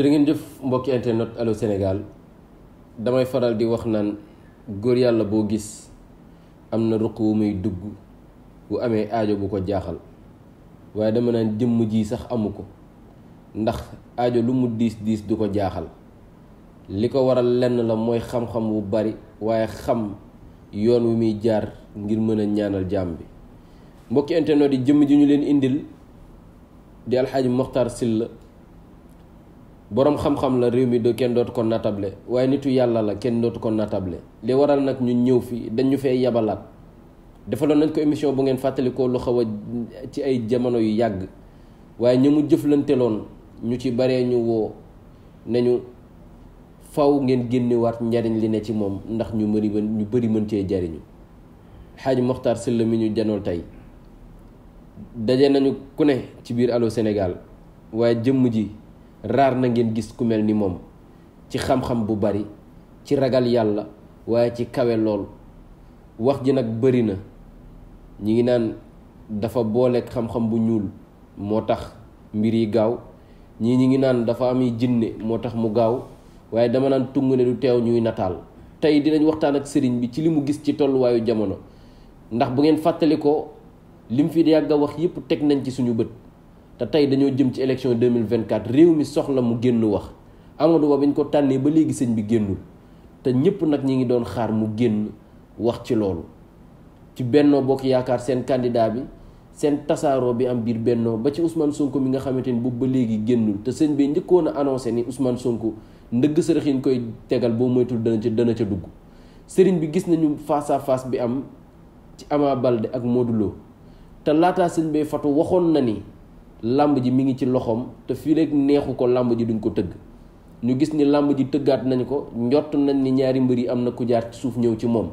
jërë ngeen jëf mbokki internet Allô Sénégal damay faral di wax naan góor yàlla boo gis am na ruq wu muy dugg bu amee aajo bu ko jaaxal waaye dama naan jëmm ji sax amu ko ndax aajo lu mu diis diis du ko jaaxal li ko waral lenn la mooy xam-xam wu bari waaye xam yoon wu muy jaar ngir mën a ñaanal jaam bi mbokki internet yi jëmm ji ñu leen indil di alxaaji Mokhtar Sylla boroom xam-xam la réew mi doo kenn dootu ko natable waaye nitu yàlla la kenn dootu ko natable li waral nag ñun ñëw fii dañu fee yabalaat defaloon nañ ko émission bu ngeen fàttalikoo lu xaw a ci ay jamono yu yàgg waaye ñu mu jëflanteloon ñu ci baree ñu woo nañu faw ngeen génnewaat njariñ li ne ci moom ndax ñu mëri ñu bari mën cee jariñu xaaj Moxtaar Sylla mi ñu janool tey daje nañu ku ne ci biir Allô Sénégal waaye jëmm ji raar na ngeen gis ku mel ni moom ci xam-xam bu bari ci ragal yàlla waaye ci kawe lool wax ji nag bari na ñi ngi naan dafa booleek xam-xam bu ñuul moo tax mbir yi gaaw ñii ñi ngi naan dafa am jinne moo tax mu gaaw waaye dama naan tung ne du teew ñuy nataal tey dinañ waxtaan ak sëriñ bi ci li mu gis ci tolluwaayu jamono ndax bu ngeen fàttalikoo lim fi yàgg a wax yépp teg nañ ci suñu bët te tey dañoo jëm ci élection 2024 réew mi soxla mu génn wax Amadou Ba biñ ko tànnee ba léegi sëñ bi génnul te ñëpp nag ñi ngi doon xaar mu génn wax ci loolu ci Benno Bokk Yaakaar seen candidat bi seen tasaaroo bi am biir Benno ba ci usman Sonko mi nga xamante ni boobu ba léegi génnul te sëñ bi njëkkoon a annoncé ni usman Sonko ndëgg sërëxin koy tegal boo moytul dana ca dana ca dugg sëriñ bi gis nañu face faas bi am ci Ama Balde ak Modou te laataa sëñ bee fatu waxoon na ni làmb ji mi ngi ci loxoom te fii rek neexu ko làmb ji duñ ko tëgg ñu gis ni làmb ji tëggaat nañ ko njott nañ ni ñaari mbër yi am na ku jaar suuf ñëw ci moom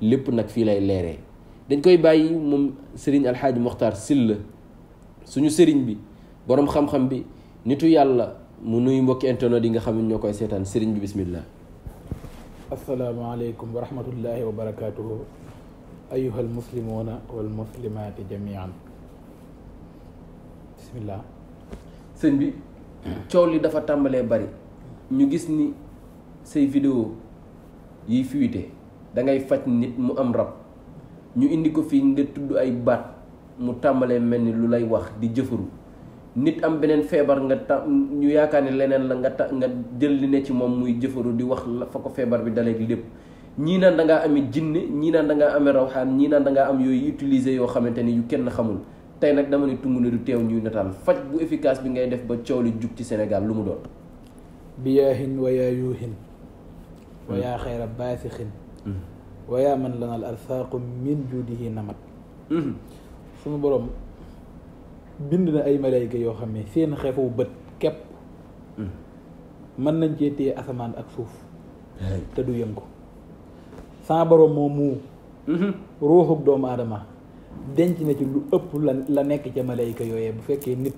lépp nag fii lay leere dañ koy bàyyi moom sëriñ alxaaji moxtaar silla suñu sëriñ bi boroom xam-xam bi nitu yàlla mu nuyu mbokki internet yi nga xam ne ñoo koy seetaan sëriñ bi bismillah asalaamaaleykum wa rahmatullahi wa barakatuhu ayuha almuslimuuna walmuslimaati jamian bismillah sëñ bi coow li dafa tàmbalee bari ñu gis ni say vidéo yiy fuité dangay faj nit mu am rab ñu indi ko fii nga tudd ay baat mu tàmbalee mel ni lu lay wax di jëfaru nit am beneen feebar nga ta ñu yaakaar ni leneen la nga ta nga jël li ne ci moom muy jëfaru di wax la fa ko feebar bi dalee lépp ñii naan da ngaa amee jinne ñii naan da ngaa amee rawxaan ñii naan danga am yooyu utiliser yoo xamante ni yu kenn xamul tey nag dama ne tungu ne du teew ñuy nataal faj bu efficace bi ngay def ba coow li jug ci Sénégal lu mu doon bi yaa hin wa yaa yuuhin wa hmm. yaa xayra baasixin hmm. wa yaa man lanal arsaaqu min juudihi namat hmm. suñu borom bind na ay malayka yoo xam ne seen xefu bët képp mën nañ cee téye asamaan ak suuf te du yëngu sa borom moom mu ruuxuk doomu aadama denc na ci lu ëpp la la nekk ca malayka yooyee bu fekkee nit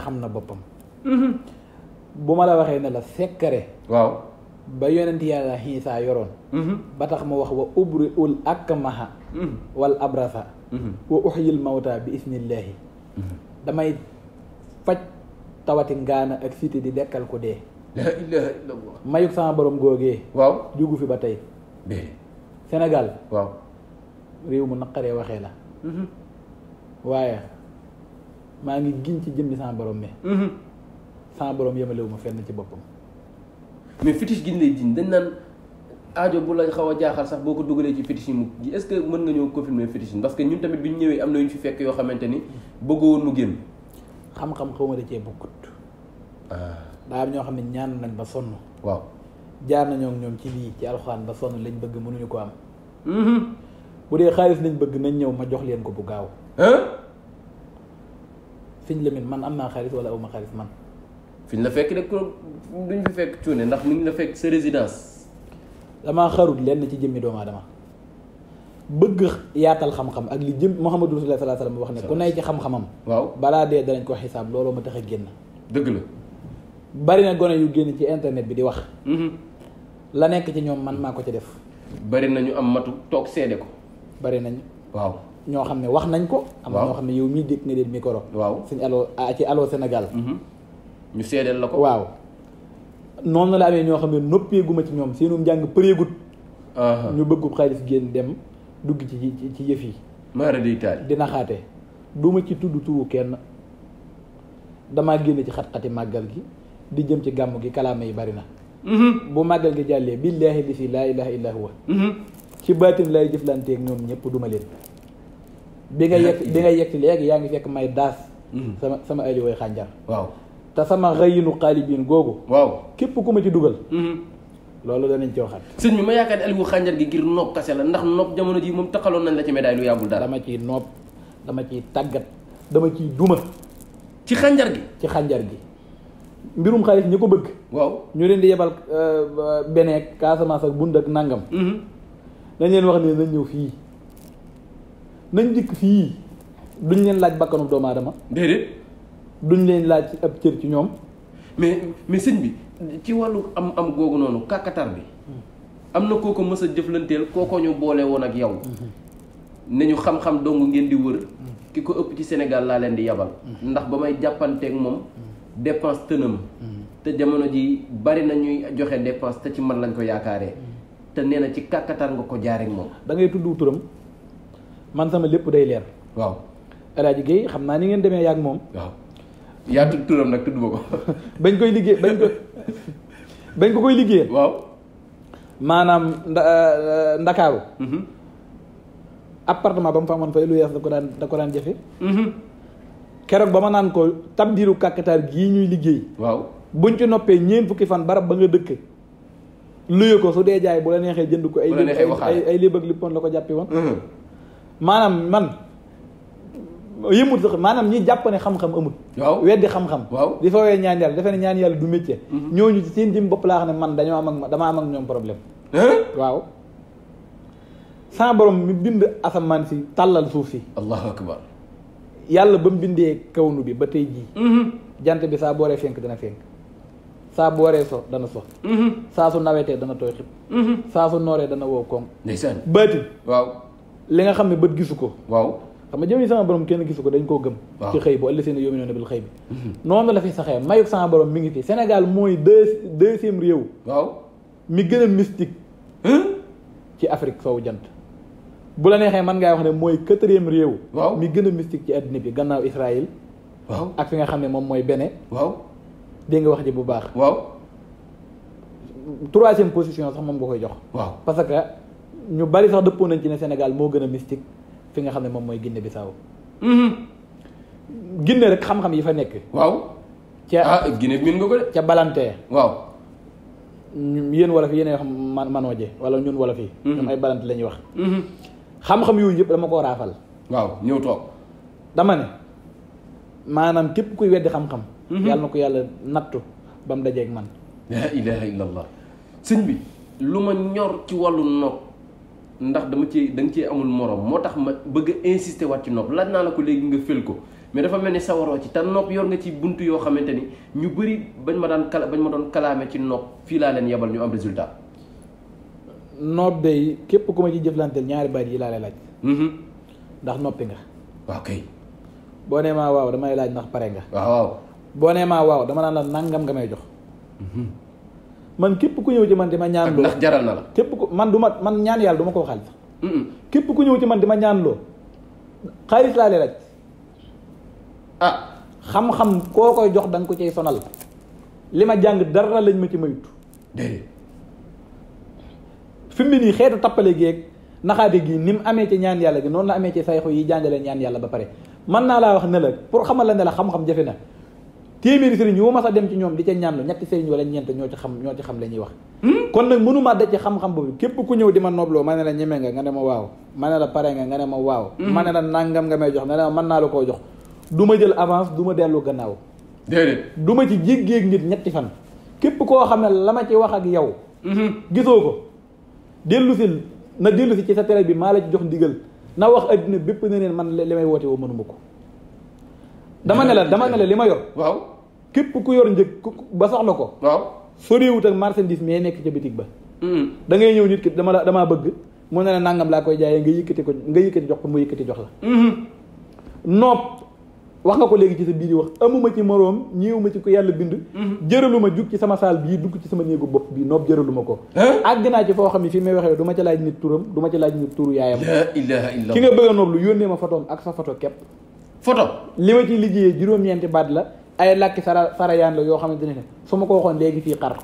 xam na boppam mhm. bu ma la waxee ne la sekkare waaw ba yonent yàlla xiisaa yoroon mhm. ba tax ma wax wa ubri ul akmaha mhm. wal abrasa wa uxyil mawta bi isnillaahi damay faj tawati ngaana ak siti di dekkal ku dee mayuk sama borom googee waaw jugu fi ba tey Sénégal waaw réew mu naqaree waxee la Mm-hmm. waaye maa ngi giñ ci jëmmi sama borom mi mm-hmm. sama borom yemalewu ma fenn ci boppam mais fétiche gi ñu lay jiñ dañ naan aajo bu la xaw a jaaxal sax boo ko dugalee ci fétiche yi mu est-ce mën nga ñëw confirmer fétiche yi parce que ñun tamit bi ñu ñëwee am na ñu fi fekk yoo xamante ni bëggoon mu génn xam-xam xaw ma da cee bokkut ah. daa am ñoo xam ne ñaan nañ ba sonn waaw jaar nañoo ñoom ci lii ci alxuraan ba sonn lañ bëgg mënuñu ko am mm-hmm. bu dee xaalis nañ bëgg nañ ñëw ma jox leen ko bu gaaw. fiñ la min man am naa xaalis wala aw ma xaalis man. fiñ la fekk rek duñ fi fekk cuune ndax mi ngi la fekk sa résidence. damaa xarut lenn ci jëmmi doomu aadama bëgg yaatal xam-xam ak li jëm Muhammadu Rasulullah sallallahu alayhi wasallam wax ne ku nay ci xam-xamam. waaw balaa dee danañ ko xisaab looloo ma tax a génn. dëgg la. bari na gone yu génn ci internet bi di wax. Mhm. la nekk ci ñoom man maa ko ci def. bari na am matu toog seede ko. bari nañ waaw ñoo xam ne wax nañ ko am na ñoo xam ne yow mii dégg nga leen micro waaw suñu aloo ah, ci allo Sénégal mhm. ñu seedeel la ko waaw noonu la amee ñoo xam ne noppeeguma ci ñoom seenum njàng përeegut ñu bëggu xaalis génn dem dugg ci ci yëf yi maara di taal dina xaate duma ci tudd turu kenn damaa génn ci xat-xati màggal gi di jëm ci gàmm gi kalaama yi bari na mhm. bu màggal gi jàllee billaahi li si laa ilaha illa ci baatin lay jëflanteeg ñoom ñëpp duma leen bi nga yegg bi nga yegg léegi yaa ngi fekk may daas mm-hmm. sama sama ali way xànjar waaw te sama rëyinu xaalibiin googu waaw képp ku ma ci dugal mm-hmm. loolu danañ ci waxaat sëñ bi ma yaakaar ne aliwu xànjar gi ngir nopp kase la ndax nopp jamono ji moom taxaloon nañ la ci médaille lu yàggul dara dama ciy nopp dama ci tàggat dama ci duma ci xànjar gi ci xànjar gi mbirum xaalis ñi ko bëgg waaw ñu leen di yebal euh, beneek Casamance ak bund nangam mm-hmm. dañ leen wax ne nañ ñëw fii nañ dikk fii duñ leen laaj bakkanu doomu aadama. déedéet. duñ leen laaj ci ab cër ci ñoom. mais mais sëñ bi ci wàllu am am googu noonu kàkkatar bi. am na kooko mës a jëflanteel ko ñu boole woon ak yow. nañu xam-xam dong ngeen di wër. ki ko ëpp ci Sénégal laa leen di yabal. ndax ba may jàppanteeg moom. dépense tënam. Mm-hmm. te jamono ji bari na ñuy joxe dépense te ci man lañ ko yaakaaree. te nee na ci kàkkatar nga ko jaareeg moom. da ngay tudd turam man sama lépp day leer. waaw El Hadj Guèye xam naa ni ngeen demee yaag moom. waaw yaa tudd turam nag tudd ma ko. ba koy liggéey bañ koy liggéey. waaw maanaam nda eh, ndakaaru. Mm-hmm. appartement ba mu fa amoon fay lu yees ko daan jafe. Mm-hmm. keroog ba ma naan ko tabdiiru kàkkataar gii ñuy liggéey. waaw buñ ci noppee ñeent fukki fan barab ba nga dëkk. luye ko su dee jaay bu la neexee jënd ko ay ay ay léeb ak lippoon la ko jàppe woon mm-hmm. maanaam man yëmut sax maanaam ñi jàpp ne xam-xam amut waaw weddi xam-xam waaw di fa wee ñaan yàlla defe ne ñaan yàlla du métier mm-hmm. ñooñu si seen jëm bopp laa ne man dañoo am ak dama am ak ñoom problème eh? waaw sama borom mi bind asamaan si tàllal suuf si allahu akbar yàlla ba mu bindee kawnu bi ba tey jii mm-hmm. jant bi saa booree fenk dana fenk saa bu waree so dana so mhm. saa su nawetee dana tooy xib mhm. saa su nooree dana wow koŋ ndeysaan li nga xam ne bët gisu ko waaw xam nga jëm yi sama borom kenn gisu ko dañ koo gëm ci xëy bu ëllëgee ne yóomi noonu xëy bi mhm. noonu la fi saxee mayuk sama borom mi ngi fi senegal mooy deux deuxième réew mi gën a mystique ci Afrique soowu jant bu la neexee man ngaa wax ne mooy quatrième réew waaw mi gën a mystique ci addina bi gannaaw Israël waaw ak fi nga xam ne moom mooy Bénin waaw dégg nga wax ji bu baax. waaw. troisième position sax moom nga koy jox. waaw parce que ñu bari sax dëppoo nañ ci ne Sénégal moo gën a mystique fi nga xam ne moom mooy Guinée Bissau. Mm-hmm. Guinée rek xam-xam yi fa nekk. waaw. ca ah Guinée nga ko de. ca Balantee. waaw. yéen wolof yéen a wax man manooje wala ñun wolof yi. Mm-hmm. ñoom ay balante la wax. Mm-hmm. xam-xam yooyu yëpp dama koo raafal. waaw ñëw toog. dama ne maanaam képp kuy weddi xam-xam. Mm-hmm. yàlla na ko yàlla nattu ba mu dajeeg man laa ilaha sëñ bi lu ma ñor ci wàllu nopp ndax dama ci da nga amul morom moo tax ma bëgg a insister ci nopp laaj naa la ko léegi nga fël ko mais dafa mel ni sawaroo ci te nopp yor nga ci bunt yoo xamante ni ñu bëri bañ ma daan bañ ma doon kalaame ci nopp fii laa leen yebal ñu am résultat nopp day ma ci jëflanteel ñaari baat yi laa lay laaj mm-hmm. ndax noppi nga waaw kay boo nee maa waaw damay laaj ndax pare nga waaw boo nee maa waaw dama naan la nangam nga may jox. man képp ku ñëw ci man di ma ñaan loo ndax jaral na la. képp ku man du ma man ñaan yàlla duma ma ko waxal. képp ku ñëw ci man di ma ñaan loo xaalis laa lay laaj. Ah. xam-xam koo koy jox da ko cay sonal. li ma jàng dara lañ ma ci mayut. déedéet. fi mu ne nii xeetu tappale geeg naxaate gi ni mu amee ci ñaan yàlla gi noon la amee ci sayxu yi jàngale ñaan yàlla ba pare mën naa laa wax ne la pour xamal la ne la xam-xam jafe na. téeméeri sëriñ yu ma mas a dem ci ñoom di ca ñaanlu ñetti sëriñ wala ñeent ñoo ci xam ñoo ci xam la wax hmm? kon nag mënumaa da ci xam-xam boobu képp ku ñëw di ma noobloo ma ne la ñeme nga nga ne ma waaw ma ne la pare nga nga ne ma waaw hmm. ma ne la nàngam nga may jox nga ne ma mën naa la koo jox du ma jël avance du ma dellu gannaaw déedéet du ma ci jéggéeg nit ñetti fan képp koo xam ne la ma ci wax ak yow hmm. gisoo ko dellu si na dellu si ci sa télé bi maa la jox ndigal na wax addina bépp ne neen man may woote woo mënuma ko dama ne la dama ne la li ma yor. waaw képp ku yor njëg ba soxla ko. waaw soriwut ak marchandise mi nekk ca bitig ba. Hmm. da ngay ñëw nit ki dama la damaa bëgg mu ne la nangam laa koy jaayee nga yëkkati ko nga yëkkati jox ko mu yëkkati jox la. Hmm. nopp wax nga ko léegi ci sa biir wax amuma ci moroom ñëw ma ci ko yàlla bind. Hmm. jëraluma jug ci sama saal bii dugg ci sama néegu bopp bii nopp jëraluma ko. àgg naa ci foo xam ne fii may waxee du ma ca laaj nit turam du yaayam. la ilaha illallah lu yónnee ma fotoom ak sa foto képp photo li ma ci liggéeyee juróom-ñeenti baat la ay làkki sara sarayaan la yoo xamante ne ne su ma ko waxoon léegi fii xar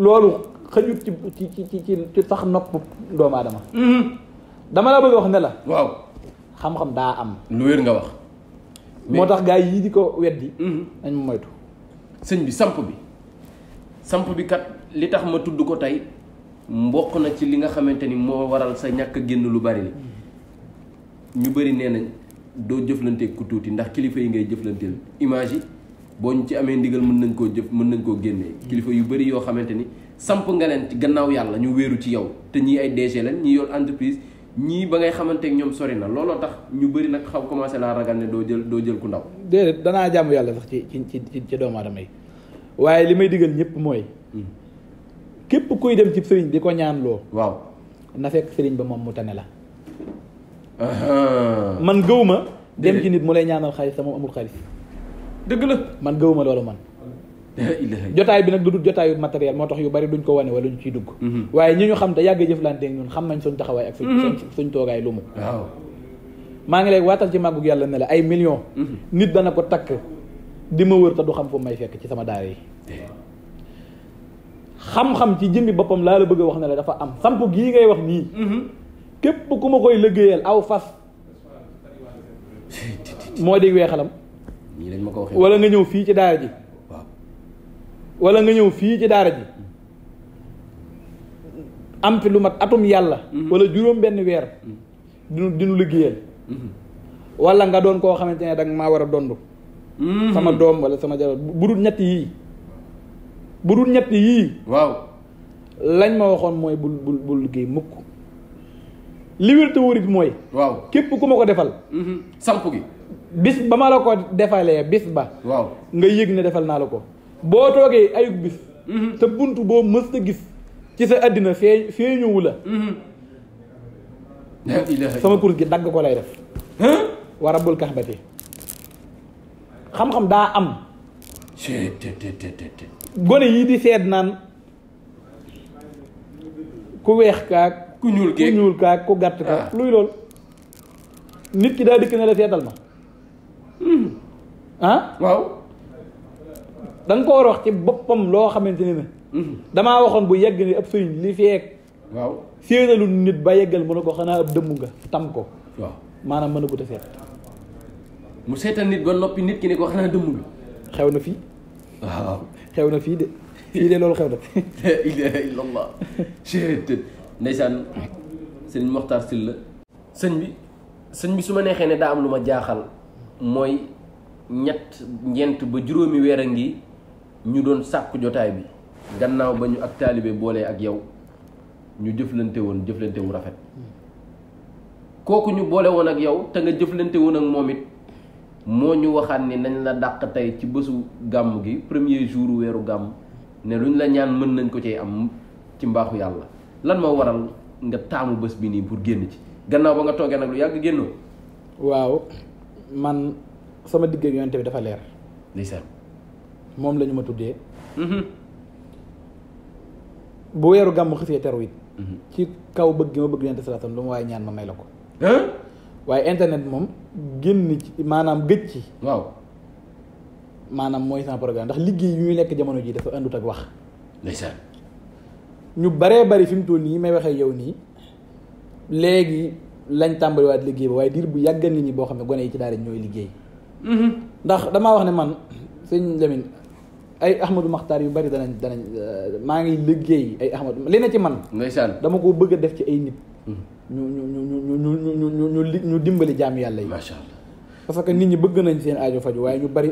loolu xëjut ci ci ci ci ci sax nopp doomu aadama mm-hmm. dama la bëgg wax ne la waaw xam-xam daa am lu wér nga wax moo tax gars yi di ko weddi dañ mm-hmm. ma moytu sëñ bi samp bi samp bi kat li tax ma tudd ko tey mboq na ci li nga xamante ni moo waral sa ñàkk génn lu bari li mm-hmm. ñu bëri nee nañ doo jëflanteek ku tuuti ndax kilifa yi ngay jëflanteel image boo ñu ci amee ndigal mën nañ koo jëf mën nañ koo génnee mm. kilifa yu bëri yoo xamante ni samp nga leen ci gannaaw yàlla ñu wéeru ci yow te ñii ay DG lañ ñii yor entreprise ñii ba ngay xamante ak ñoom sori na looloo tax ñu bëri nag xaw commencé laa ragal ne doo jël doo jël ku ndaw déedéet danaa jàmm yàlla sax ci ci ci ci doomu aadama yi waaye li may digal ñëpp mooy mm. képp koy dem ci sëriñ di ko ñaan waaw na fekk sëriñ ba moom mu tane la man gëw ma dem ci nit mu lay ñaanal xaalis sama moom amul xaalis dëgg la man gëw ma loolu man jotaay bi nag du dul jotaayu matériel moo tax yu bari duñ ko wane wala ñu ciy dugg mhm. waaye ñi ñu xam te yàgg jëflante ak ñun xam nañ suñ taxawaay ak mhm. suñ suñ toogaay lu mu waaw maa ngi lay waatal ci màggug yàlla ne la ay million mhm. nit dana ko takk di ma wër te du xam fu may fekk ci sama daara yi xam-xam ci jëmmi boppam laa la bëgg a wax ne dafa am samp gii ngay wax képp ku ma koy liggéeyal aw fas moo di weexalam wala nga ñëw fii ci daara ji wala nga ñëw fii ci daara ji am fi lu mag atum yàlla mm-hmm. wala juróom benn weer mm-hmm. dinu dinu liggéeyal mm-hmm. wala nga doon koo xamante ne danga maa war a dond sama doom wala sama jabar bu dul ñett yii bu dul ñett yii waaw lañ ma waxoon mooy bul bul bul liggéey mukk li wér te wóor bi mooy. waaw képp ku ma ko defal. Mm-hmm. samp gi. bis ba ma la ko defalee bis ba. waaw nga yëg ne defal naa la ko. boo toogee ayug bis. Mm-hmm. te buntu boo mës a gis ci sa àddina fee fee ñëwu la. Mm-hmm. sama course gi dagg ko lay def. wa rabbul kaxbati xam-xam daa am. gone yi di seet naan ku weex kaak ku ñuul geeg ku gàtt ka ah. luy loolu nit ki daa dikk ne la seetal ma ah waaw da nga ko war a wax ci boppam loo xamante ne ne mm-hmm. waxoon bu yegg ne ab sëriñ li feek waaw nit ba yeggal mu ne ko xanaa ab dëmm nga tam ko maanaam mën a gut a seet mu seetal nit ba noppi nit ki ne ko xanaa dëmm nga xew na fii xew na fii de fii de loolu xew na ilaaha illallaah ndeysaan sëñ Mokhtar Sylla sëñ bi sëñ bi su ma neexee ne daa am lu ma jaaxal mooy ñett ñeent ba juróomi weer a ngi ñu doon sàkku jotaay bi gannaaw ba ñu ak taalibe boolee ak yow ñu jëflante woon jëflante wu rafet kooku ñu boole woon ak yow te nga jëflante woon ak moom it moo ñu waxaat ni nañ la dàq tey ci bésu gàmm gi premier jour weeru gàmm ne luñ la ñaan mën nañ ko cee am ci mbaaxu yàlla lan moo waral nga taamu bés bi nii pour génn ci gannaaw ba nga toogee nag lu yàgg génnoo. waaw man sama digg yonent bi dafa leer. ndeysaan. moom lañu ma tuddee. Mm-hmm. bu weeru gàmmu xësee teru it. Mm-hmm. ci kaw bëgg gi ma bëgg yonent salaatam lu ma waaye ñaan ma may la ko. waaye internet moom génn ci maanaam gëj ci. waaw. maanaam mooy sama programme ndax liggéey yu ñu nekk jamono ji dafa àndut ak wax. ndeysaan. ñu baree bari fi mu toll nii may waxee yow nii léegi lañ tàmbaliwaat liggéey ba waaye diir bu yàggan nit ñi boo xam ne gone yi ci daara ñooy liggéey. Mm-hmm. ndax dama wax ne man sëñ Lamine ay Ahmadou Makhtar yu bari danañ danañ euh, maa ngi liggéey ay Ahmadou li na ci man. ndeysaan dama ko bëgg a def ci ay nit. Mm-hmm. ñu ñu ñu ñu ñu ñu ñu ñu dimbali jaam yàlla yi. macha parce que nit ñi bëgg nañ seen aajo faju waaye ñu bari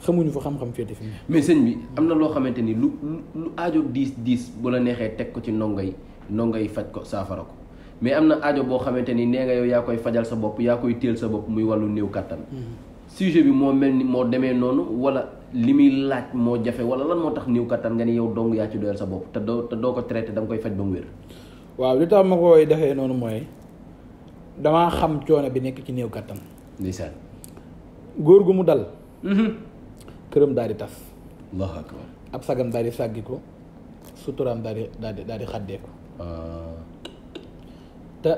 xamuñu fa xam-xam féete fi mais sëñ bi am na loo xamante ni lu lu ajo diis diis bu la neexee teg ko ci ndongo yi ndongo yi faj ko saafara ko mais am na ajo boo xamante ni nee nga yow yaa koy fajal sa bopp yaa koy téel sa bopp muy wàllu néew kàttan mm-hmm. sujet bi moo mel ni moo demee noonu wala li muy laaj moo jafe wala lan moo tax néew kattan nga ni yow dong yaa ci doyal sa bopp te doo doo ko traité da koy faj ba mu waaw li tax ma koy noonu mooy damaa xam coono bi nekk ci néew kàttan góor gu mu dal. Mhm. këram daal di tas. allahu akbar ab sagam daal di sàggi ko suturaam daal di daal di daal ko. Ah. te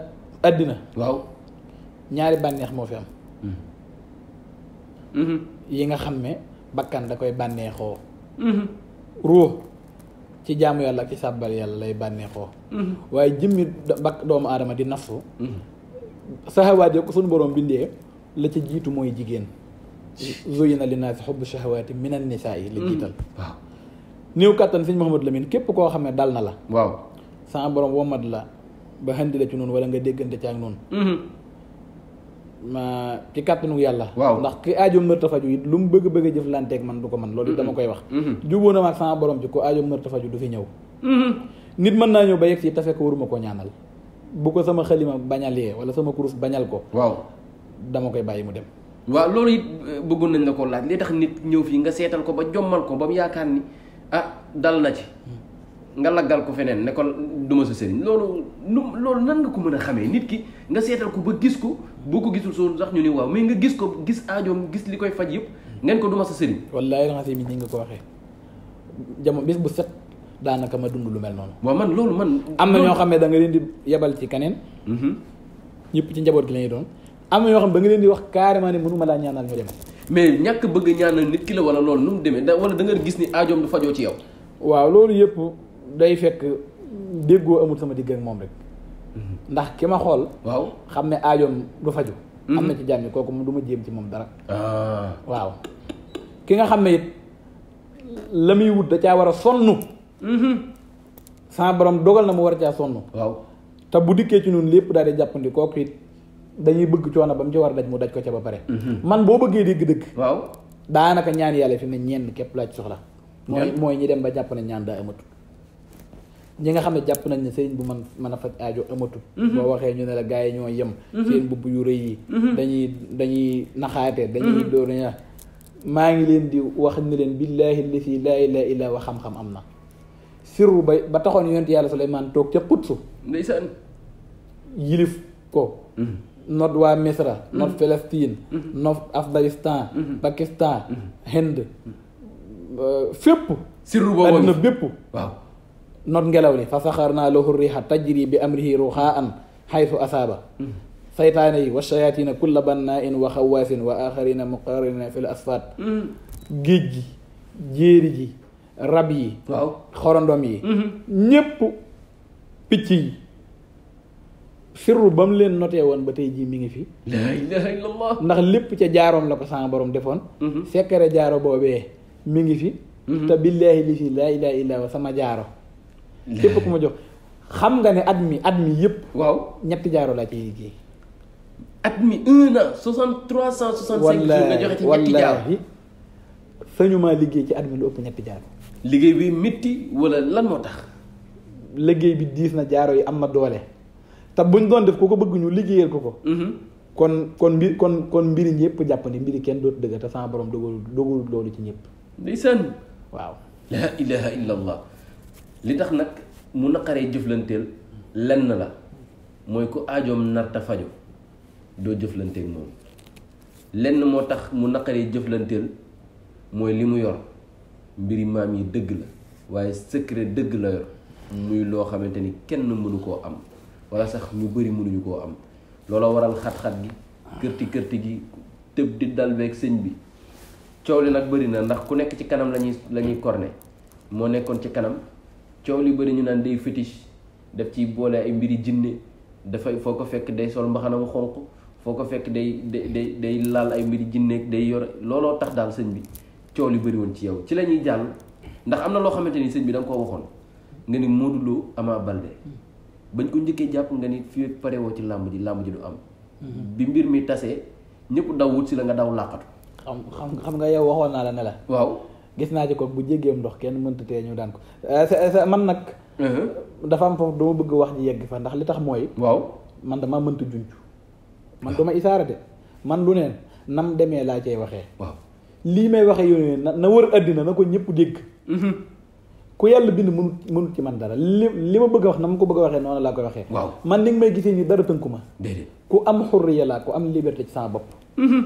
àddina. waaw ñaari bànneex moo fi am. Mhm. Mhm. yi nga xam ne bakkan da koy bànneexoo. ruux ci jaamu yàlla ak ci sàbbal yàlla lay bànneexoo. waaye jëmmi bakk doomu aadama di nafsu. saxawaat yi ko sunu borom bindee la ca jiitu mooy jigéen. zuyina linnaasi xubbu shahawaati minan nisaa'i la jiital waaw néew kattan sëñ Mouhamadou Lamine képp koo xam ne dal na la waaw sama borom womat la ba xandi ci noonu wala nga déggante ci ak noonu ma ci kàttanu yàlla waaw ndax ki aajoom nër tafaju it lu mu bëgg-bëgg a jëflanteeg man du ko man loolu dama koy wax juboo na ma ak sama borom ci ko aajoom nër tafaju du fi ñëw nit mën naa ñëw ba yegg si te fekk waruma koo ñaanal bu ko sama xalima bañalee wala sama kurus bañal ko waaw dama koy bàyyi mu dem waaw loolu it euh, bëggoon nañ la ko laaj li tax nit ñëw fii nga seetal ko ba jommal ko ba mu yaakaar ni ah dal na ci hmm. nga laggal ko feneen ne ko duma sa sëriñ loolu lu loolu nan nga ko mën a xamee nit ki nga seetal ko ba gis ko boo ko gisul soo sax ñu ni waaw mais nga gis ko gis aajoom gis li koy faj yëpp ngeen ko duma sa sëriñ wallaahi raxas bi ni nga ko waxee jamono bis bu set daanaka ma dund lu mel noonu waaw man loolu man am na ñoo xam ne da nga leen di yebal ci keneen mm-hmm. ñëpp ci njaboot gi la doon am na yoo xam ba nga leen di wax carrément ni mënuma laa ñaanal ñu dem. mais ñàkk bëgg ñaanal nit ki la wala loolu nu mu demee da wala gis ni aajoom du fajoo ci yow. waaw loolu yëpp day fekk déggoo amul sama digg ak moom rek. ndax ki ma xool. waaw xam ne aajoom du faju mhm. am na ci jàmm kooku du ma jéem ci moom dara. Ah. waaw ki nga xam ne it la muy wut da caa war a sonn. Mhm. sans borom dogal na mu war a caa sonn. waaw te bu dikkee ci noonu lépp daal di jàppandi kooku dañuy bëgg coono ba mu ci war daj mu daj ko ca ba pare mhm. man boo bëggee dégg-dëgg waaw daanaka ñaan yàlla fi mu ne ñenn képp laa soxla mooy mooy ñi dem ba jàpp ne ñaan daa amatul ñi nga xam ne jàpp nañ ne sëriñ bu man mën a faj aajo amatul mhm. boo waxee ñu ne la gaa yi ñoo yem mhm. seen bubb yu rëy yi dañuy naxaate dañuy dóor dañuy maa ngi leen di wax ni leen billaahi lisi laa ilaaha wa xam-xam am na sirru ba ba taxoon yonent yàlla Suleymaan toog ca Qudsu ndeysaan yilif ko noot waa misra mm-hmm. noot Palestine mm-hmm. noot Afghanistan mm-hmm. Pakistan Hind euh, fépp sirru boobu adduna bépp ngelaw li fa saxar naa lahu tajri bi amrihi ruxaan xaytu asaaba saytaane yi wa shayatina kulla bannaain wa wa axarina muqarrina fi l asfaat géej gi jéeri gi rab yi waaw sirru ba mu leen notee woon ba tey jii mi ngi fi. ndax lépp ca jaaroom la ko sama boroom defoon. Mm-hmm. sekkare jaaro boobee mu ngi fi. Mm-hmm. te billaahi li fi laa ilaha illa sama jaaro. képp ma jox xam nga ne at mi at mi yëpp. waaw ñetti jaaro laa ciy liggéey. at mi un an soixante trois cent soixante cinq jours nga joxe ci sañuma liggéey ci at mi lu ëpp ñetti jaaro. liggéey bi métti wala lan moo tax. liggéey bi diis na jaaro yi am na doole. te buñ doon def ku ko bëgguñu ñu liggéeyal ko ko. Mhm. kon kon mbir kon kon mbiri ñëpp jàpp ni mbiri kenn dootu dëgg te sama borom dogalul dogalul loolu ci ñëpp. ndeysaan. waaw. laa ilaha illa li tax nag mu naqaree jëflanteel lenn la mooy ku aajoom nar ta doo jëflanteeg moom lenn moo tax mu naqaree jëflanteel mooy li mu yor mbiri maam yi dëgg la waaye secret dëgg la yor muy loo xamante ni kenn mënu koo am. wala sax ñu bëri mënuñu koo am looloo waral xat-xat gi kërti kërti gi tëb di dal beeg sëñ bi coow li nag bëri na ndax ku nekk ci kanam lañuy la moo nekkoon ci kanam coow li bëri ñu naan day fétiche daf ci boole ay mbiri jinne dafay foo ko fekk day sol mbaxana mu xonq foo ko fekk day day day laal ay mbiri jinne day yor looloo tax daal sëñ bi coow li bëri woon ci yow ci la ñuy jàll ndax am na loo xamante ni sëñ bi da ko waxoon nga ni Modou Lo Ama bañ ko njëkkee jàpp nga ni fii pare ci làmb ji làmb ji du am. Mhm. bi mbir mi tasee ñëpp daw wut la nga daw làqatu. xam xam xam nga yow waxoon naa la ne la. waaw gis naa ci ko bu jéggeem ndox kenn mënta tee ñu daan ko euh, man nag. Uh-huh. dafa am foofu dama bëgg wax ji yegg fa ndax li tax mooy. waaw man dama mënt junj. man dama isaara de man lu neen nam demee laa cay waxee. waaw lii may waxee yooyu yow na na wër àddina na ko ñëpp dégg. Mm-hmm. ku yàlla bind mënut mënut ci man dara li li ma bëgg a wax na ma ko bëgg a waxee noonu laa koy waxee waaw man ni may gisee nii dara tënku ma déedéet ku am xurriya laa ku am liberté ci sama bopp mm-hmm.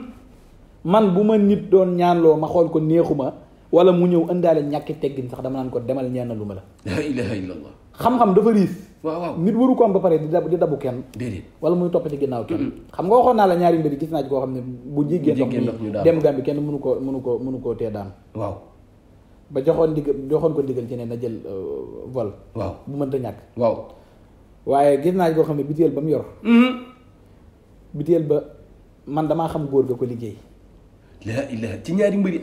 man bu ma nit doon ñaanloo ma xool ko neexuma wala mu ñëw indaale ñàkki teggin sax dama naan ko demal ñaan lu ma la la ilaha illallah xam-xam dafa riis waaw waaw nit waru ko am ba pare di dabu kenn déedéet wala muy topp ci ginnaaw kenn mm-hmm. xam nga waxoon naa la ñaari mbir gis naa ci koo xam ne bu jéggee ndox mi dem Gàmbi kenn mënu ko mënu ko mënu koo tee daan ba joxoon digg joxoon ko diggal ci ne na jël euh, vol. waaw bu mënta ñàkk. waaw waaye gis naa koo xam ne biteel ba mu yor. Mm-hmm. biteel ba damaa xam góor ko liggéey. laa ilaaha ci ñaari mbir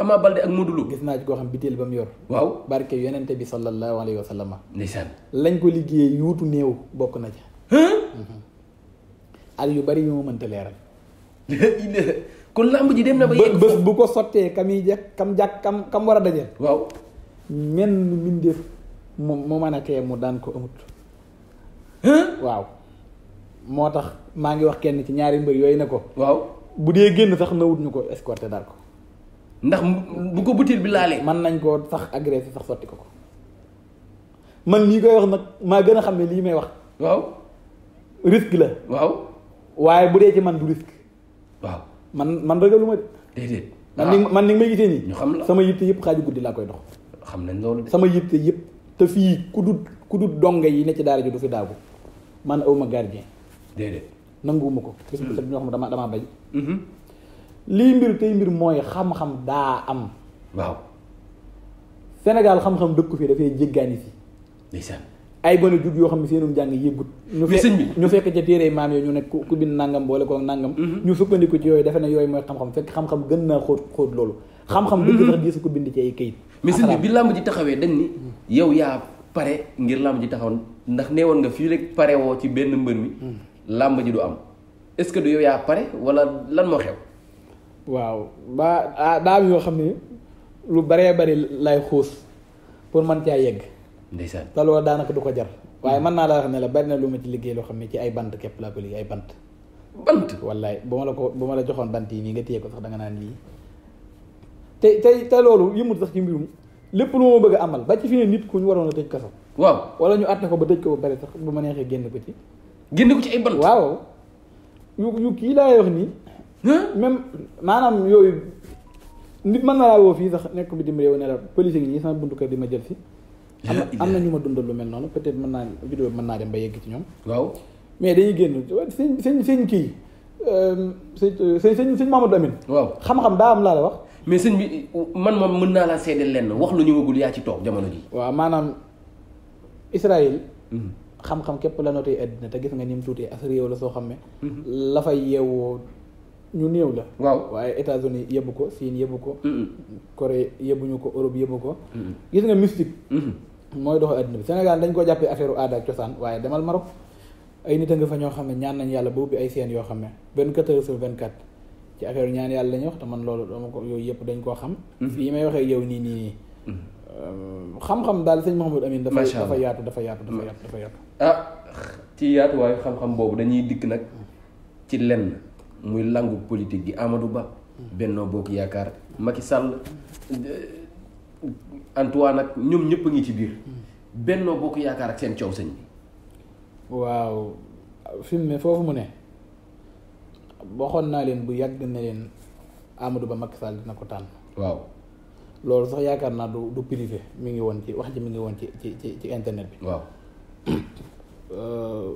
gis naa koo xam biteel ba mu yor. waaw barke yonente bi sallallahu alayhi wa sallam. ndeysaan lañ ko liggéey yuutu néew bokk na ca. Mm-hmm. at yu bari yu ma mënta leeral. kon làmb ji dem na ba yegg bés bu ko sottee kam yi kam jàkk kam kam war a dajeel waaw menn mbindeef mu mu mën a tee mu daan ko amut waaw moo tax maa ngi wax kenn ci ñaari mbër yooyu ne ko waaw bu dee génn sax na wut ñu ko escorté daal ko ndax bu ko butil bi laalee man nañ koo sax agressé sax sotti ko ko man lii koy wax nag maa gën a xam ne lii may wax waaw risque la waaw waaye bu dee ci man du risque waaw man man ragaluma de. déedéet man ah. ni man ni may gisee nii. ñu xam la sama yitte yëpp xaaju guddi laa koy dox. xam nañ loolu sama yitte yëpp te fii ku dut ku dut donge yi ne ci daara ji du fi daagu man awma gardien. déedéet nanguwuma ko. gis nga ñoo xam ne dama bay bañ. Mhm. lii mbir tey mbir mooy xam-xam daa am. waaw. Sénégal xam-xam dëkku fii dafay jéggaani fii. ay gone jug yoo xam ne seenum jàng yëggut ñu fekk ca téere maam yooyu ñu nekk ku bind nangam boole ko nangam mhm. ñu sukkandiku ci yooyu defe ne yooyu mooy xam-xam fekk xam-xam gën naa xóot xóot loolu xam-xam dëgg mhm. sax diisu ko bind ci ay këyit mais sëñ bi bi làmb ji taxawee dañ ni yow yaa pare ngir làmb ji taxaw ndax nee woon nga fii rek pare woo ci benn mbër mi mhm. làmb ji du am est-ce que du yow yaa pare wala lan moo xew waaw ba ah, daa yoo xam ne lu baree bari lay xuus pour man caa yegg ndeysaan te loolu daanaka du ko jar waaye mën naa la wax ne la bari na lu ma ci liggéey loo xam ne ci ay bant képp laa ko liggéey ay bant bant wallaay bu ma la ko bu ma la joxoon bant yi nii nga téye ko sax da nga naan lii te te te loolu yëmut sax ci mbirum lépp lu ma bëgg amal ba ci fi ne nit ku ñu waroon a tëj kaso waaw wala ñu àtte ko ba tëj ko ba bari sax bu ma neexee génn ko ci génn ko ci ay bant waaw yu yu kii laay wax nii même maanaam yooyu nit mën na laa woo fii sax nekk bi dim réew ne la police yi sama buntu kër di ma jël si am na ñu ma dundal lu mel noonu peut-être mën naa vidéo mën naa dem ba yegg ci ñoom waaw mais dañuy génn sëñ sëñ sëñ kii euh, sëñ sëñ sëñ Mamadou waaw xam-xam daa am laa la wax mais sëñ bi man ma mën naa laa seedeel lenn wax lu ñu wagul yaa ci toog jamono ji waaw maanaam Israël mhm. xam-xam képp la notee àddina te gis nga ni mu tuutee as réew la soo xam ne mhm. la fa yeewoo ñu néew la. waaw waaye États-Unis yëbbu ko Chine yëbbu ko. Corée yëbbuñu ko Europe yëbbu ko. gis nga mystique. mooy doxal adduna bi Sénégal dañ ko jàppee affaire aada ak cosaan waaye demal Maroc ay nit a nga fa ñoo xam ne ñaan nañ yàlla ba ubbi ay seen yoo xam ne vingt quatre heures sur vingt quatre ci affaire ñaan yàlla la ñuy wax te man loolu dama ko yooyu yëpp dañ koo xam. Mm-hmm. fii may waxee yow nii nii. Mm-hmm. xam-xam daal sëñ Mouhamadou Amine. dafa dafa yaatu dafa yaatu dafa mm-hmm. yaatu dafa yaatu. ah ci yaatuwaayu xam boobu dañuy dikk nag ci lenn. muy langu politique gi amadu Ba Benno Bokk Yaakaar Macky Sall eh, Antoine ak ñoom ñëpp ngi ci biir Benno Bokk Yaakaar ak seen coow sëñ bi waaw fi mu ne foofu mu ne waxoon naa leen bu yàgg ne leen Amadou Ba Macky sàll na ko tànn waaw loolu sax yaakaar naa du du privé mi ngi woon ci wax ji mi ngi woon ci ci ci internet bi waaw euh,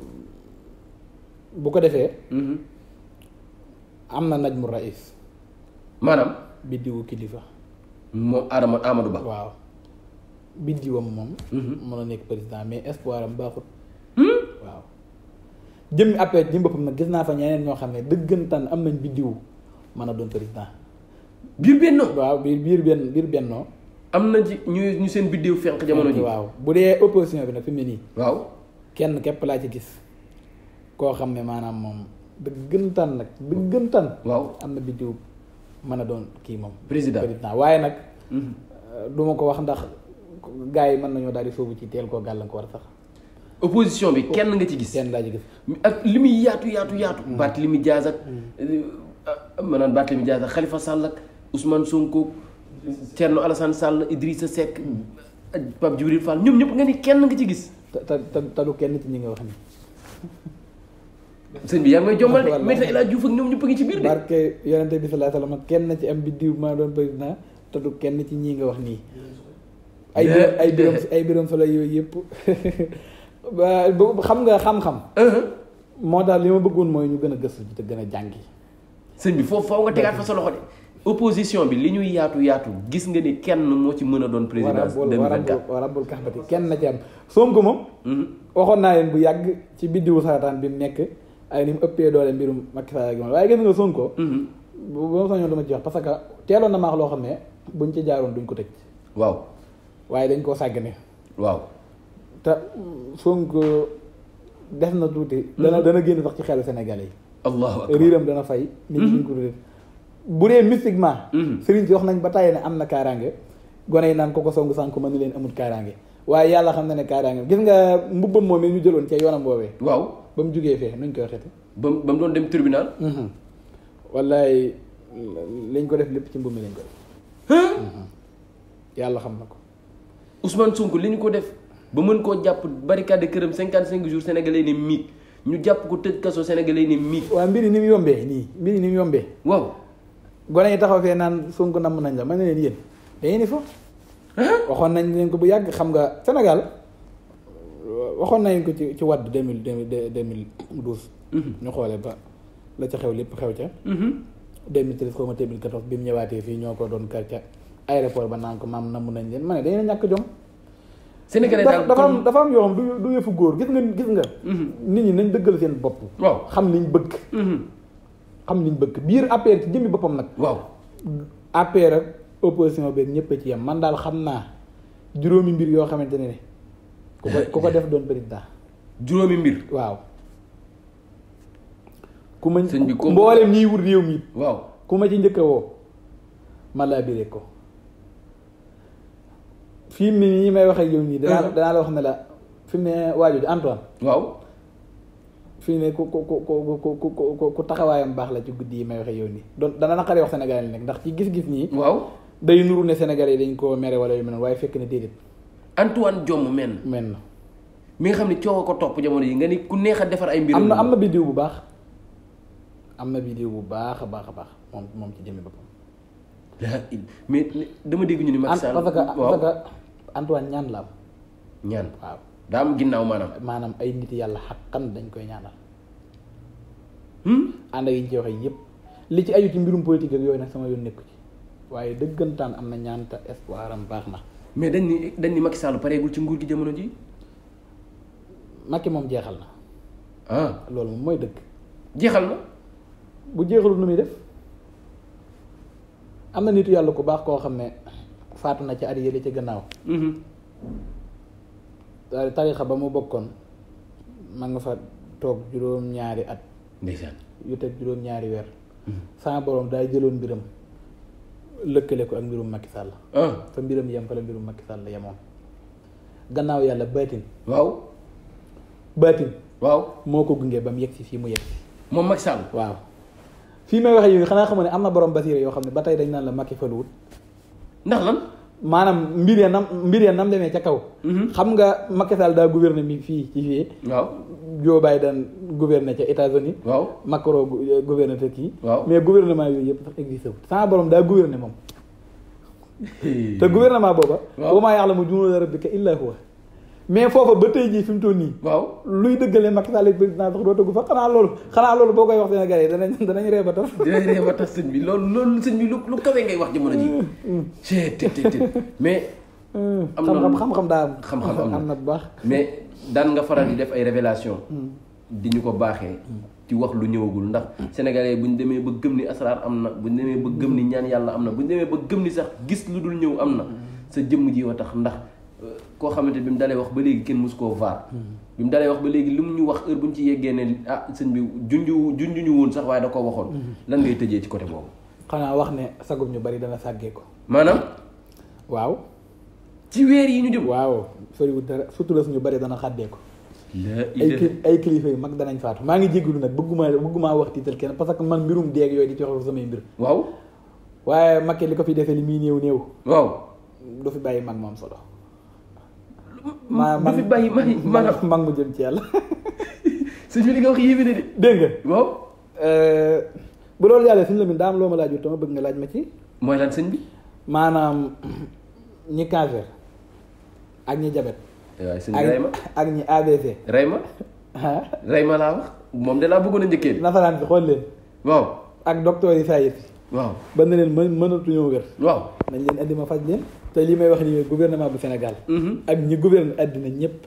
bu ko defee mm-hmm. am na najmu raïs. maanaam. biddiwu kilifa. moom Adama Amadou Ba. waaw biddiwam moom. Mhm. mën a nekk président mais espoir am baaxut. Hmm? waaw jëmmi après jëm boppam nag gis naa fa ñeneen ñoo xam ne dëggantaan am nañ biddiwu mën a doon président. biir bennoo waaw biir biir benn biir bennoo. am na ci ñu ñu seen biddiw fenk jamono ji. waaw bu dee opposition bi nag fi mu ne nii. waaw kenn képp laa ci gis koo xam ne maanaam moom. dëggantaan nag dëggantaan. waaw am na biddiw mën a doon kii moom. président président waaye nag. Mhm. Euh, du ko wax ndax gaa yi mën nañoo daal di sóobu ci teel koo gàllankoor sax. opposition bi oh, kenn nga ci gis. kenn laa ci gis. ak li muy yaatu yaatu yaatu. Mm. Barthélémy Dias ak. maanaam mm. euh, ah, Barthélémy Dias ak Khalifa Sall ak Ousmane Sonko Thierno Alassane Sall Idrissa Seck. Mm. Pape Djibril Fall ñoom ñëpp nga kenn nga ci gis. te te te kenn ci ñi nga wax ni sëñ bi yaa may jombal de mais tey laa juuf ak ñu ngi ci biir de. barke yonente bi sallallahu alayhi wa sallam kenn ci am biddiw maa doon président te du kenn ci ñii nga wax nii. ay ay biram ay yooyu yëpp xam nga xam-xam. Uh-huh. moo tax li ma bëggoon mooy ñu gën a gëstu te gën a jàngi. sëñ bi foofu faaw nga tegaat sa loxo de. opposition bi li ñuy yaatu yaatu gis nga ni kenn moo ci mën a doon présidence 2024 wa rabbul kaxbati kenn na ci am Sonko moom. Mm-hmm. waxoon naa leen bu yàgg ci biddiwu sarataan bi mu nekk. ay ni mu ëppee doole mbirum Macky Sall a moom waaye gis nga Sonko. Mhm. bu ma sañoon dama ci wax parce que teeloon na maax loo xam ne buñ ci jaaroon duñ ko tëj. waaw. waaye dañ koo sàggane. waaw. te Sonko def na tuuti. Mhm. dana dana génn sax ci xelu Sénégalais yi. allahu akbar riiram dana fay. nit ñi mhm. duñ ko def bu dee mystiquement. sëriñ si wax nañ ba tàyyi ne am na kaaraange. gone yi naan ko ko songu sànq mën na leen amul kaaraange waaye yàlla xam na ne kaaraange gis nga mbubbam moom yi ñu jëloon ca yoonam boobee. ba mu jugee fee nuñ koy waxeeti. ba mu doon dem tribunal. Mhm. wallaay liñ ko def lépp ci mbummi lañ ko def. Mhm. yàlla xam na ko. Ousmane sunk li ko def ba mën koo jàpp barricade këram cinquante cinq jours sénégalais ne miig ñu jàpp ko tëj kaso sénégalais ne miig. waaw mbir ni mu yombee nii mbir yi ni mu yombee. waaw. gone yi taxaw fee naan Sonko namm nañ la ma na leen yéen dañuy ne waxoon nañ leen ko bu yàgg xam nga Sénégal. waxoon nañ ko ci ci wadd deux mille deux mille douze mhm. ñu xoolee ba la ca xew lépp xew ca mhm. deux mille treize xaw ma deux mille quatorze bi mu ñëwaatee fii ñoo ko doon kar ca aéroport ba naan ko maam namm nañ leen ma ne dañu ñàkk jom Sénégalais daal dafa am dafa am yoo xam du du yëfu góor gis nga gis nga mhm. nit ñi nañ dëggal seen bopp waaw xam liñ bëgg xam liñ bëgg biir APR ci jëmmi boppam nag waaw APR opposition beeg ñëpp a ci yem man daal xam naa juróomi mbir yoo xamante ne ku ko ku ko def doon daa juróomi mbir waaw ku ma sëñ bi ko mboolem ñiy wut waaw ku ma ci njëkk woo man laa biré ko fii ne nii may wax yow nii danaa uh-huh. danaa la wax ne la fi mu ne waajur Antoine waaw fii ne ku ku ku ku ku ku taxawaayam baax la ci guddi yi may waxe yow nii doon dana naqaree wax Sénégal yi nag ndax ci gis-gis nii waaw day nuru ne senegal yi dañ koo mere wala yu mel noonu waaye fekk na déedéet Antoine Diome men men mi nga xam ne coow ko topp jamono yi nga ni ku neex a defar ay mbir am na am na biddiw bu baax am na biddiw bu baax a baax a baax moom moom ci jëmmi boppam mais dama dégg ñu ni Macky Sall parce que parce que Antoine ñaan la am ñaan waaw daa am ginnaaw maanaam maanaam ay nit yàlla xaqan dañ koy ñaanal hmm? ànd ak yi ñu ci waxee yëpp li ci aju ci mbirum politique ak yooyu nag sama yoon nekku ci waaye dëggantaan am na ñaanta espoir am baax na mais dañ ni dañ ni Macky Sall pareegul ci nguur gi jamono ji Macky moom jeexal na. ah loolu moom mooy dëkk jeexal na. bu jeexalul nu muy def am na nit yàlla ku baax koo xam ne faatu na ci at yële ci gannaaw. Mm-hmm. tarixa ba mu bokkoon ma nga fa toog juróom-ñaari at. ndeysaan yu teg juróom-ñaari weer. Mm-hmm. sama borom daay jëloon mbiram. lëkkale ko ak mbirum Macky Sall. Ah. fa mbiram yem fa la mbirum Macky Sall yemoon. gannaaw yàlla baatin. waaw. baatin. waaw moo ko gunge ba mu yegg si fii mu yegg si. moom Macky Sall. waaw fii may waxee yooyu xanaa xam ne am na borom basiire yoo xam ne ba tey dañ naan la Macky faluwut. ndax lan. maanaam mbir ya nam mbir ya nam demee ca kaw. Mhm. xam nga Macky Sall daa gouverner mi fii ci fii. waaw Joe Biden gouverner ca États-Unis waaw Macron eh, gouverner ca kii. waaw mais gouvernement yooyu yëpp sax existé wu. sama borom daa gouverner moom. te gouvernement booba. waaw wa maa ya'lamu junuuda rabbika illaa huwa mais foofa ba tey jii fi toll nii. waaw luy dëggalee Macky Sall président sax doo tëggu fa xanaa loolu xanaa loolu boo koy wax Sénégalais yi danañ danañ ree ba tas. dinañ ree ba tas sëñ bi loolu loolu sëñ bi lu lu kawee ngay wax jamono ji. cee te te mais. am na xam-xam daa am xam na bu baax. mais daan nga faral di mm. def ay révélation mm. di ñu ko baaxee. ci mm. wax lu ñëwagul ndax sénégalais bu ñu demee ba gëm ni asraar am na bu ñu demee ba gëm ni ñaan yàlla am na bu ñu demee ba gëm ni sax gis lu dul ñëw am na sa jëmm ji wa tax ndax koo xamante bi mu dalee wax ba léegi kenn mosu koo vaar bi mu dalee wax ba léegi lu mu ñu wax heure bu ñu ci yeggee ne ah sëñ bi junju junjuñu woon sax waaye da koo waxoon lan ngay tëjee ci côté boobu xanaa wax ne sagub ñu bari dana sàggee ko maanaam waaw ci yi ñu jëm waaw soriwul dara surtout la suñu bari dana xàddee ko ay kilifa yu mag danañ faatu maa ngi jégalu nag bëgguma bëggumaa wax tiital kenn parce que man mbirum deeg yooyu di ci wax samay mbir waaw waaye Macky li ko fi defee li muy néew néew waaw du fi bàyyi mag moom solo maa man fi bàyyi ma mag mu jëm ci yàlla. sëñ bi li nga wax yii bi ne de. dégg nga waaw. Euh, bu loolu yàlla suñu la mën daa am loo ma laajut dama bëgg nga laaj ma ci. mooy lan sëñ bi. maanaam ñi cancer ak ñi jabet. Eh waaw sëñ ak ñi AVC. rey ma ah rey ma laa wax moom de laa bëggoon njëkkee. nasaraan bi xool leen. waaw ak docteur yi saa yëf. waaw ba ne leen mën mënatuñoo wér. waaw nañ leen indi ma faj leen. te li may wax nii gouvernement bu Sénégal. Mhm. ak ñi gouverne àddina ñëpp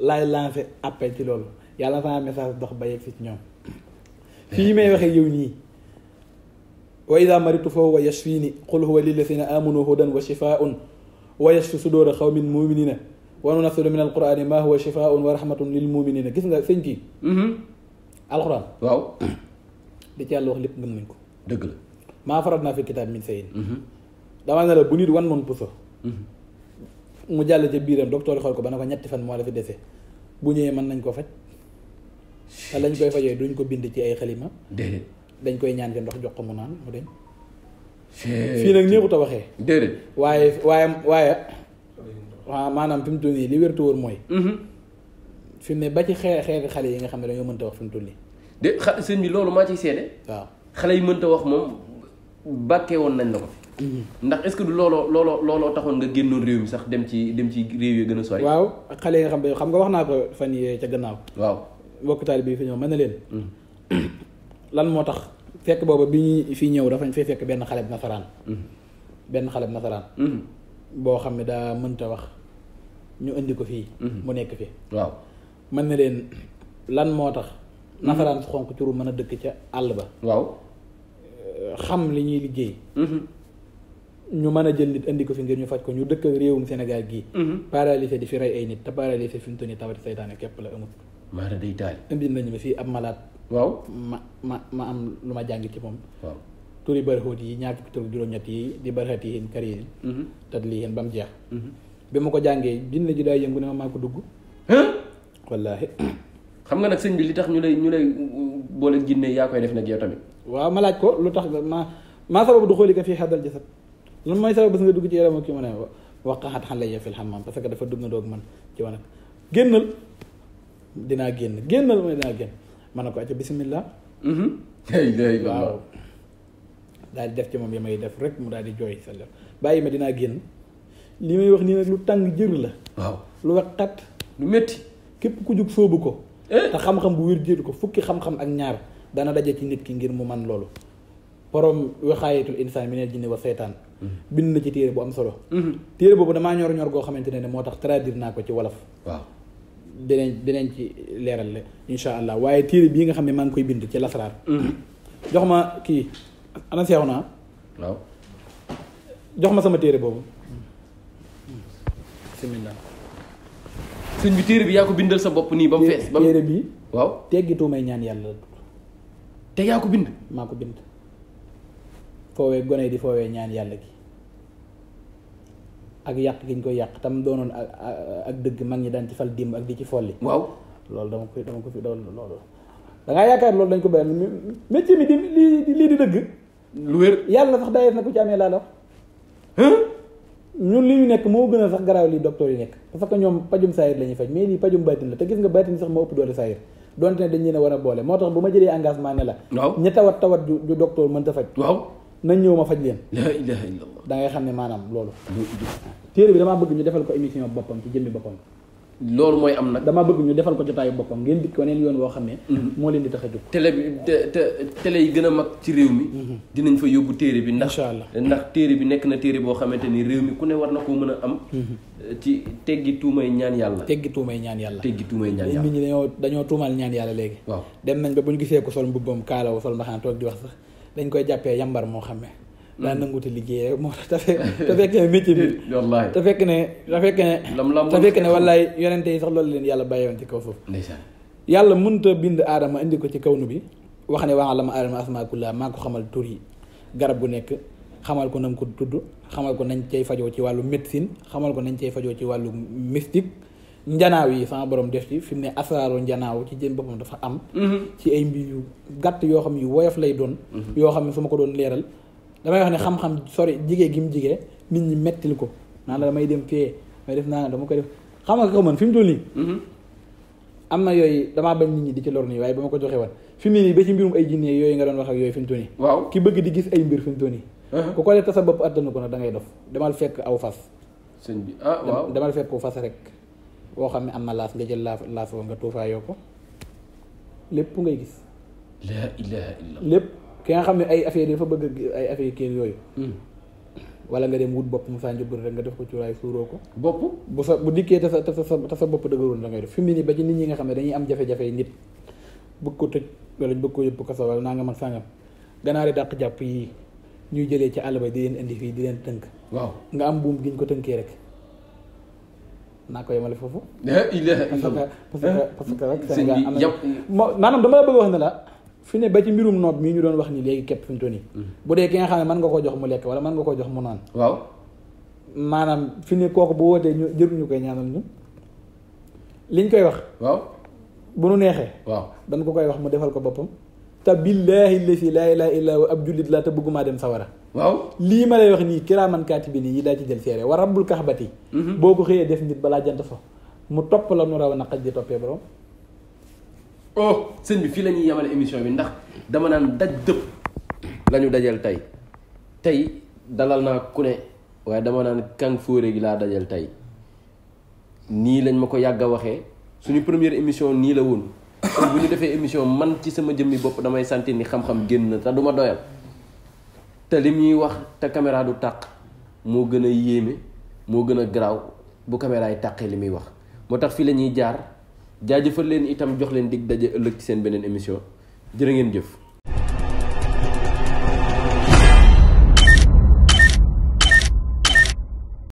laay lancé appel ci loolu yàlla na sama message dox ba yegg si ci ñoom. fii may waxee yow nii. wa ida maritu fa huwa yashfini qul huwa lillazina amanu hudan wa shifaun wa yashfi sudura qawmin muminina wa nunazzilu min alqurani ma huwa shifaun wa rahmatun lil muminina gis nga sëñ kii. Mhm. alquran. waaw. li ci yàlla wax lépp gëm nañ ko. dëgg la. maa farat naa fi kitaab min sayin. Mhm. mu jàll ca biiram docteur xool ko ba ne ko ñetti fan moo la fi dese bu ñëwee mën nañ ko faj te lañ koy fajee duñ ko bind ci ay xalima déedéet dañ koy ñaan ci ndox jox ko mu naan mu deñ fii nag néexu ta waxee déedéet waaye waaye waaye waaw maanaam fi mu toll li wértu wóor mooy mhm. fi mu ne ba ci xee xeeti xale yi nga xam ne dañoo mënta wax fi mu toll nii de sëñ bi loolu maa ciy seede waaw xale yi mënta wax moom bàkkee woon nañ la ko ndax est-ce que du looloo looloo looloo taxoon nga génnoon réew mi sax dem ci dem ci réew yi gën a sori. waaw ak xale yi nga xam ne xam nga wax naa ko fan yii ca gannaaw. waaw mbokk taalibe bi fi ñëw mën na leen. Mm. lan moo tax fekk booba bi ñuy fii ñëw dafa fay fekk benn xale bu nasaraan. Mm. xale bu nasaraan. Mm. xam ne daa mënta wax ñu indi ko fii. nekk fi waaw na leen lan moo tax. nasaraan su xonq curu mën a dëkk ca àll ba. waaw xam li ñuy liggéey. Mm-hmm. ñu mën a jël nit indi ko fi ngir ñu faj ko ñu dëkk réewum Sénégal gii mhm. paralysé di fi rey ay nit te paralysé fi mu toll nii tawati saytaane képp la amul maanaam day nañu ma fii ab malaat waaw ma ma ma am lu ma jàngi ci moom waaw turi barxóot yi ñaar fukki tur juróom-ñett yi di barxat yi hin kari yi tat lii hin mhm. ba mhm. mu jeex bi ma ko jàngee jinne ji daa yëngu ne ma maa ko dugg wallaahi xam nga nag sëñ bi li tax ñu lay ñu lay boole jinne yaa koy def nag yow tamit waaw ma ko lu tax ma maa sababu du xooli ka fii xadal jasad lan mooy sabab bés nga dugg ci yaram ak ki mu ne wax xat xan la yee fil xammaam parce que dafa dugg na doog man ci wanag génnal dinaa génn génnal mooy dinaa ma ne ko acca bismillah mm-hmm. waaw daal di def ci moom ya may def rek mu daal di jooy sa bàyyi ma dinaa génn li may wax nii nag lu tàng jër la waaw lu wax lu métti képp ku jug sóobu ko eh? te xam-xam bu wér jër ko fukki xam-xam ak ñaar dana daje ci nit ki ngir mu man loolu borom waxaayatul insaan minal jinni wa seytaan mm-hmm. bind na ci téere bu am solo mm-hmm. téere boobu damaa ñor ñor goo xamante ne ne moo tax traduire naa ko ci wolof waaw dinañ dinañ ci leeral la insha allah waaye téere bii nga xam ne maa ngi koy bind ci lasraar mm-hmm. jox ma kii ana seew naa jox ma sama téere boobu bismillah sëñ bi téere bi yaa ko bindal sa bopp nii ba mu fees ba téere bi waaw teggi tuumay ñaan yàlla te yaa ko bind maa ko bind foowee gone yi di foowee ñaan yàlla gi ak yàq gi ñu koy yàq tam doonoon ak dëgg mag ñi daan ci fal dimb ak di ci folli waaw loolu dama ko dama ko fi doon loolu yaakaar loolu dañ ko bàyyi métier mi di lii lii dëgg lu wér yàlla sax dayeef na ko ci amee laa la wax ñun li ñu nekk moo gën a sax garaaw li docteur yi nekk parce que ñoom pajum saayir la ñuy faj mais lii pajum baytin la te gis nga baytin sax moo ëpp doole saayir donte ne dañ leen a war a boole moo tax bu ma jëlee engagement ne la ña tawat tawat ju docteur mën ta faj waaw nañ ñëw ma faj leen la ilaha illallah da ngay xam ne maanaam loolu téere bi damaa bëgg ñu defal ko émission boppam ci jëmmi boppam loolu mooy am nag damaa bëgg ñu defal ko jotaayu boppam ngeen ko waneen yoon woo xam ne mhm. moo leen di tax a jóg télé bi télé yi gën a mag ci réew mi mhm. dinañ fa yóbbu téere bi ndax incha allah ndax téere bi nekk na téere boo xamante ni réew mi ku ne war na koo mën a am mhm. eh, ci teggi tuumay ñaan yàlla teggi tuumay ñaan yàlla teggi tuumay ñaan yàlla nit ñi dañoo dañoo tuumal ñaan yàlla léegi waaw dem nañ ba bu ñu gisee ko sol mbubbam kaalaw wax sax dañ koy jàppee yambar moo xam ne daa hmm. nanguti liggéey rek moo tax te fekk te fekk ne métier bi te fekk ne te fekk ne te fekk ne wallaay yonente yi sax loolu leen yàlla bàyyiwoon ci kaw foofu yàlla mënta bind aadama indi ko ci kaw nu bi wax ne waa la ma aadama asmaakullaa maa ko xamal tur yi garab gu nekk xamal ko nam ko tudd xamal ko nañ cay fajoo ci wàllu médecine xamal ko nañ cay fajoo ci wàllu mystique njanaaw yi sama boroom def ci fi mu ne asraaru njanaaw ci jën boppam dafa am mhm. ci ay mbir yu gàtt yoo xam yu woyof lay doon mhm. yoo xam ne su ma ko doon leeral damay wax ne ah. xam-xam sori jigee gi mu jigee nit ñi mettil ko naan la damay dem fee def naa dama ko def xam nga ko fi mu toll nii mhm. am na yooyu damaa bañ nit ñi di ci lor nii waaye ba ma ko joxe woon mu ne nii ba ci mbirum ay jinne yooyu nga doon wax ak yooyu fi mu waaw ki bëgg di gis ay mbir fi mu toll uh-huh. ku ko def te sa bopp attanu ko nag da ngay dof demal fekk aw fas sëñ bi ah demal fekk aw fas rek boo xam ne am na laas nga jël laaf laas nga tuufaayoo ko lépp ngay gis. lépp ki nga xam ne ay affaire yi fa bëgg ay affaire kenn yooyu. Hmm. wala nga dem wut bopp mu saa njëbbal rek nga def ko cuuraay suuroo ko. bopp bu sa bu dikkee te sa te sa bopp dëgëroon da ngay def fi mu nii ba ci nit ñi nga xam ne dañuy am jafe-jafe nit bëgg ko tëj wala bëgg ko yëpp kaso wala naa nga mag sàngam ganaar yi dàq jàpp yi ñuy jëlee ci àll ba di leen indi fii di leen tënk. waaw nga am buum giñ ko tënkee rek. naa ko yemale foofu. il est parce que parce que parce que Sénégal am na maanaam dama la bëgg wax ne la. fi ne ba ci mbirum noob mii ñu doon wax ni léegi képp fi ñu toll nii. Mm-hmm. bu dee ki xam ne man nga ko jox mu lekk wala man nga ko jox mu naan. waaw. maanaam fi ne kooku bu wootee ñu jëruñu koy ñaanal ñu liñ koy wax. waaw bu nu neexee. waaw dañ ko koy wax mu defal ko boppam. te billaahi lazi laa ilaaha illaa huwa ab jullit laa te bëggumaa dem sawara waaw lii ma lay wax nii kiraaman kaatibiin yi laa ci jël seere wa rabbul kaxbati mhm. boo ko xëyee def nit balaa jant so mu topp la nu raw naqaj toppee borom oh bi fii la ñuy émission bi ndax dama naan daj dëpp la tey tey dalal naa ku ne dama naan kàng fóore gi laa dajal tey nii lañ ma ko yàgg a waxee suñu première émission nii la woon kon bu ñu defee émission man ci sama jëmmi bopp damay santi ni xam-xam génn na te duma ma doyal te li muy wax te caméra du tàq moo gën a yéeme moo gën a garaaw bu caméra yi tàqee li muy wax moo tax fii la ñuy jaar jaajëfal leen itam jox leen dig daje ëllëg ci seen beneen émission jërë ngeen jëf